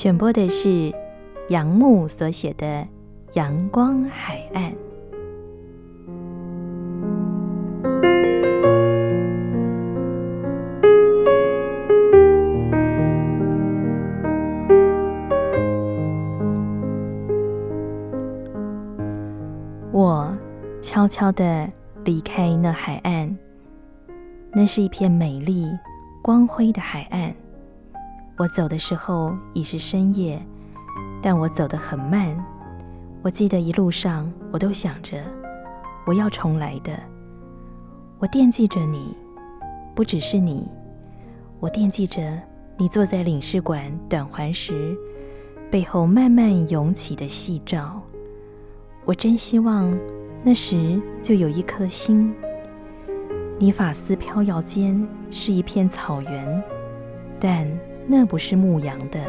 選播的是楊牧所寫的《陽光海岸》。我悄悄地離開那海岸，那是一片美麗、光輝的海岸。我走的時候已是深夜，但我走得很慢。我記得一路上，我都想着我要重來的。我惦記着你，不只是你，我惦記着你坐在領事館短環時，背後慢慢湧起的夕照。我真希望那時就有一顆星，你髮絲飄搖間是一片草原，但。那不是牧羊的，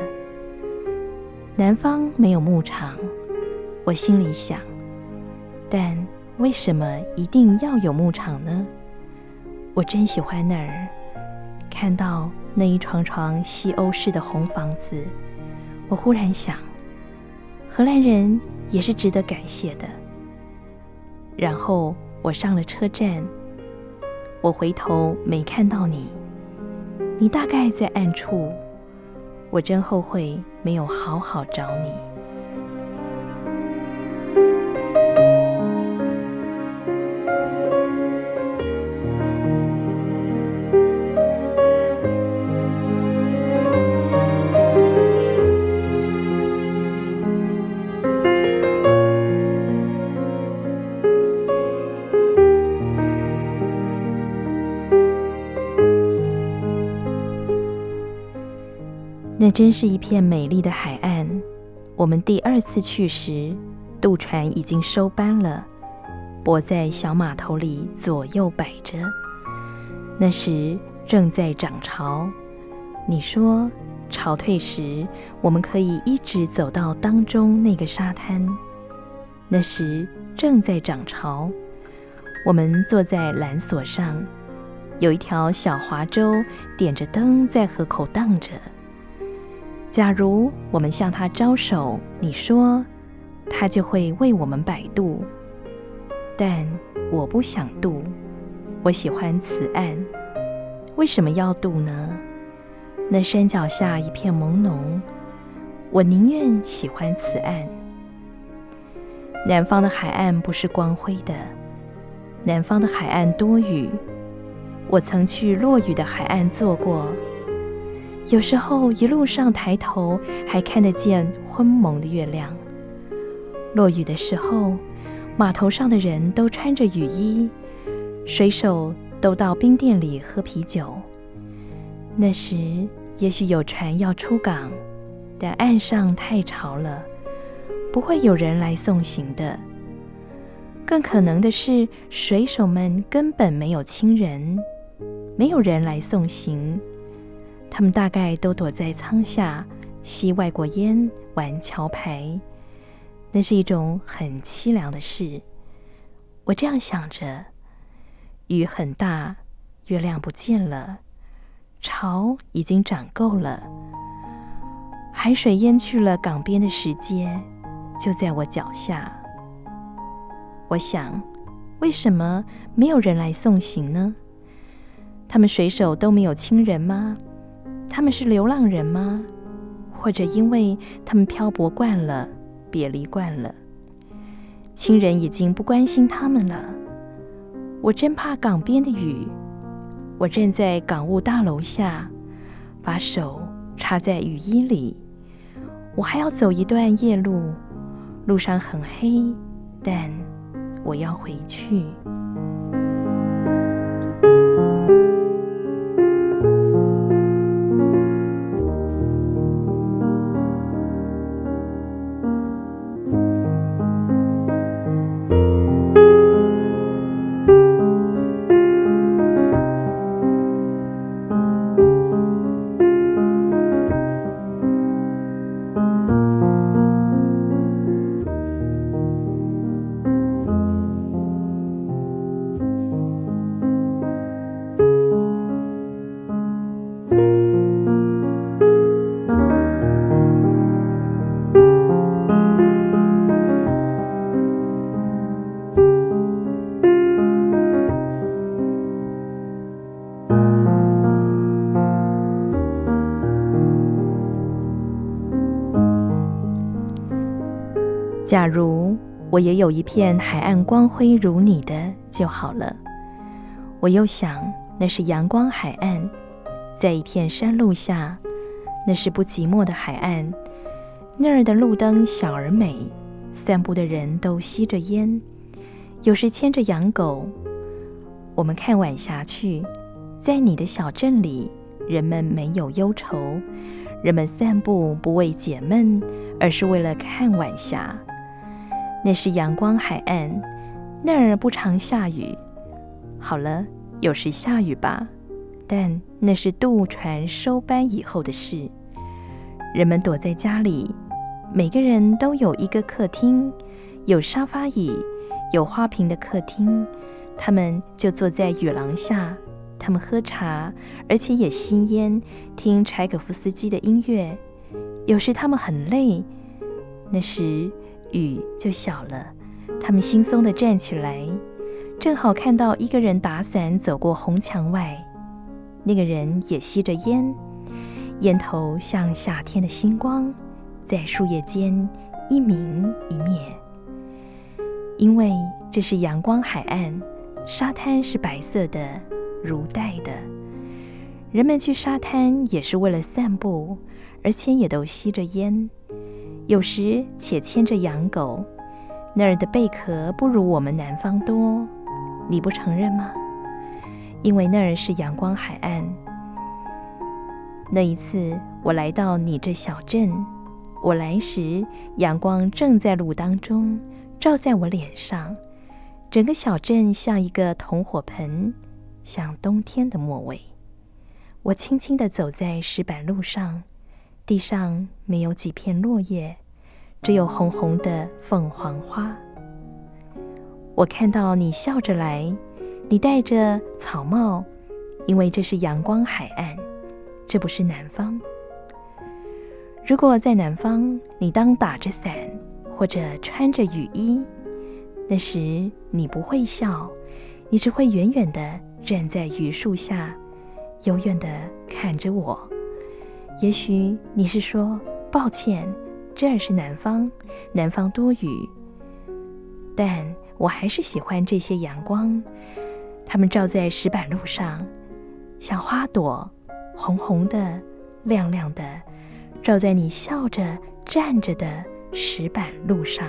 南方沒有牧場，我心裡想。但為什麼一定要有牧場呢？我真喜歡那兒，看到那一幢幢西歐式的紅房子，我忽然想，荷蘭人也是值得感謝的。然後我上了車站，我回頭沒看到你，你大概在暗處。我真後悔沒有好好找你。那真是一片美麗的海岸。我們第二次去時，渡船已經收班了，泊在小碼頭裡左右擺着。那時正在漲潮。你說潮退時，我們可以一直走到當中那個沙灘。那時正在漲潮。我們坐在纜索上，有一條小劃舟，點着燈在河口蕩着。假如我們向他招手，你說，他就會為我們擺渡。但我不想渡，我喜歡此岸。為什麼要渡呢？那山腳下一片朦朧，我寧願喜歡此岸。南方的海岸不是光輝的，南方的海岸多雨。我曾去落雨的海岸坐過。有時候一路上抬頭還看得見昏濛的月亮。落雨的時候，碼頭上的人都穿着雨衣，水手都到冰店裡喝啤酒。那時也許有船要出港，但岸上太潮了，不會有人來送行的。更可能的是，水手們根本沒有親人，沒有人來送行。他們大概都躲在艙下吸外國煙、玩橋牌，那是一種很淒涼的事。我這樣想着，雨很大，月亮不見了，潮已經漲夠了，海水淹去了港邊的石階，就在我腳下。我想，為什麼沒有人來送行呢？他們水手都沒有親人嗎？他們是流浪人嗎？或者因為他們漂泊慣了，別離慣了，親人已經不關心他們了。我真怕港邊的雨。我站在港務大樓下，把手插在雨衣裡。我還要走一段夜路，路上很黑，但我要回去。假如我也有一片海岸，光輝如你的就好了。我又想，那是陽光海岸，在一片山路下，那是不寂寞的海岸。那兒的路燈小而美，散步的人都吸着煙，有時牽着洋狗。我們看晚霞去。在你的小鎮裡，人們沒有憂愁，人們散步不為解悶，而是為了看晚霞。那是陽光海岸，那兒不常下雨。好了，有時下雨吧，但那是渡船收班以後的事。人們躲在家裡，每個人都有一個客廳，有沙發椅、有花瓶的客廳。他們就坐在雨廊下，他們喝茶，而且也吸煙，聽柴可夫斯基的音樂。有時他們很累，那時。雨就小了，他們輕鬆地站起來，正好看到一個人打傘走過紅牆外。那個人也吸着煙，煙頭像夏天的星光，在樹葉間一明一滅。因為這是陽光海岸，沙灘是白色的、如帶的。人們去沙灘也是為了散步，而且也都吸着煙。有時且牽着羊狗，那兒的貝殼不如我們南方多，你不承認嗎？因為那兒是陽光海岸。那一次我來到你這小鎮，我來時陽光正在路當中照在我臉上，整個小鎮像一個銅火盆，像冬天的末尾。我輕輕地走在石板路上，地上沒有幾片落葉。只有紅紅的鳳凰花。我看到你笑着來，你戴着草帽，因為這是陽光海岸，這不是南方。如果在南方，你當打着傘或者穿着雨衣，那時你不會笑，你只會遠遠的站在榆樹下，永遠的看着我。也許你是說抱歉。這兒是南方，南方多雨。但我還是喜歡這些陽光，它們照在石板路上，像花朵，紅紅的，亮亮的，照在你笑着站着的石板路上。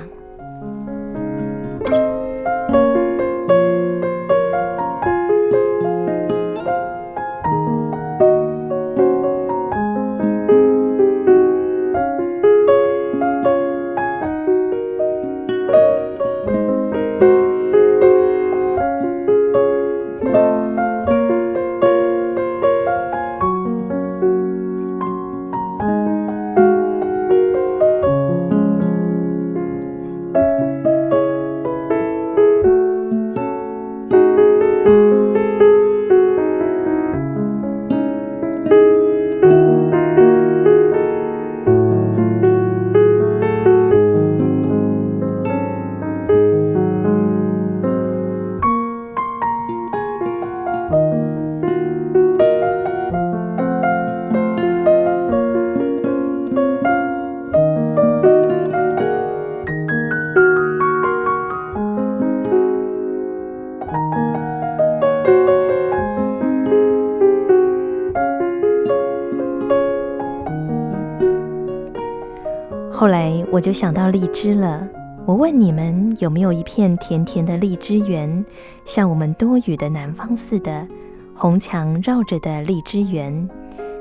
後來我就想到荔枝了。我問你們有沒有一片甜甜的荔枝園，像我們多雨的南方似的，紅牆繞着的荔枝園。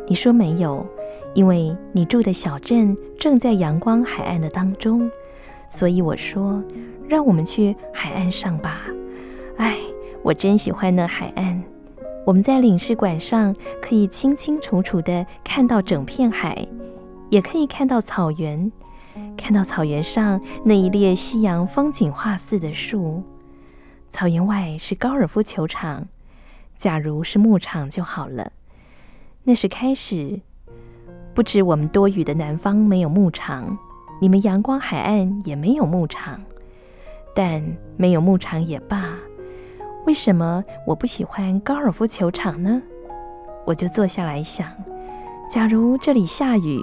你說沒有，因為你住的小鎮正在陽光海岸的當中。所以我說，讓我們去海岸上吧。唉，我真喜歡那海岸。我們在領事館上可以清清楚楚地看到整片海，也可以看到草原。看到草原上那一列西洋風景畫似的樹。草原外是高爾夫球場。假如是牧場就好了。那是開始。不止我們多雨的南方沒有牧場，你們陽光海岸也沒有牧場。但沒有牧場也罷。為什麼我不喜歡高爾夫球場呢？我就坐下來想，假如這裡下雨。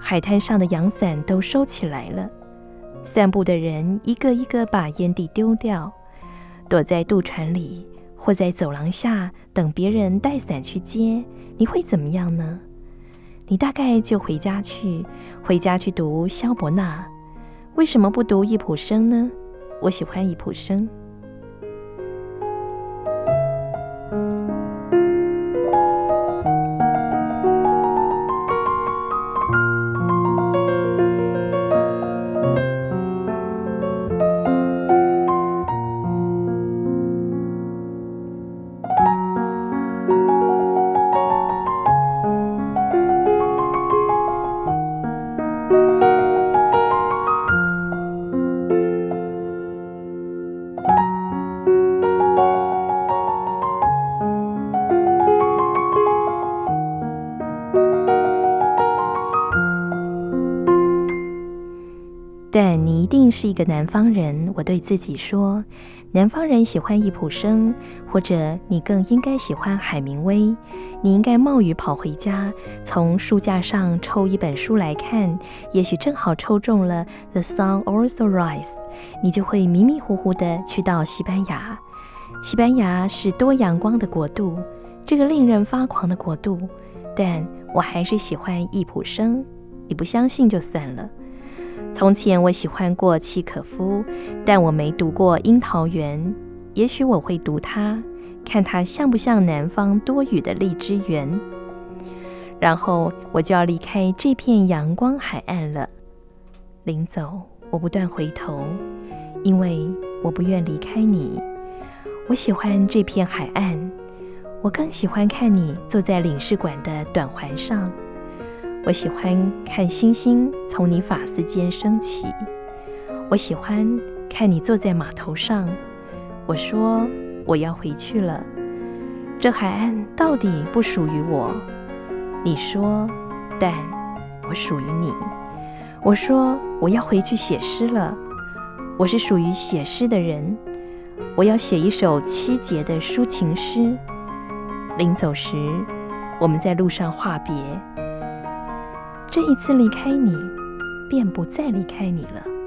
海灘上的陽傘都收起來了，散步的人一個一個把煙蒂丟掉，躲在渡船裡，或在走廊下等別人帶傘去接，你會怎麼樣呢？你大概就回家去，回家去讀蕭伯納。為什麼不讀易卜生呢？我喜歡易卜生。是一個南方人，我對自己說，南方人喜歡易卜生，或者你更應該喜歡海明威。你應該冒雨跑回家，從書架上抽一本書來看，也許正好抽中了《The Sun Also Rises》，你就會迷迷糊糊地去到西班牙。西班牙是多陽光的國度，這個令人發狂的國度，但我還是喜歡易卜生。你不相信就算了。從前我喜歡過契訶夫，但我沒讀過《櫻桃園》。也許我會讀它，看它像不像南方多雨的荔枝園？然後我就要離開這片陽光海岸了。臨走，我不斷回頭，因為我不願離開你。我喜歡這片海岸，我更喜歡看你坐在領事館的短環上。我喜歡看星星從你髮絲間升起。我喜歡看你坐在碼頭上。我說我要回去了，這海岸到底不屬於我。你說，但我屬於你。我說我要回去寫詩了，我是屬於寫詩的人。我要寫一首七節的抒情詩。臨走時，我們在路上話別。這一次離開你，便不再離開你了。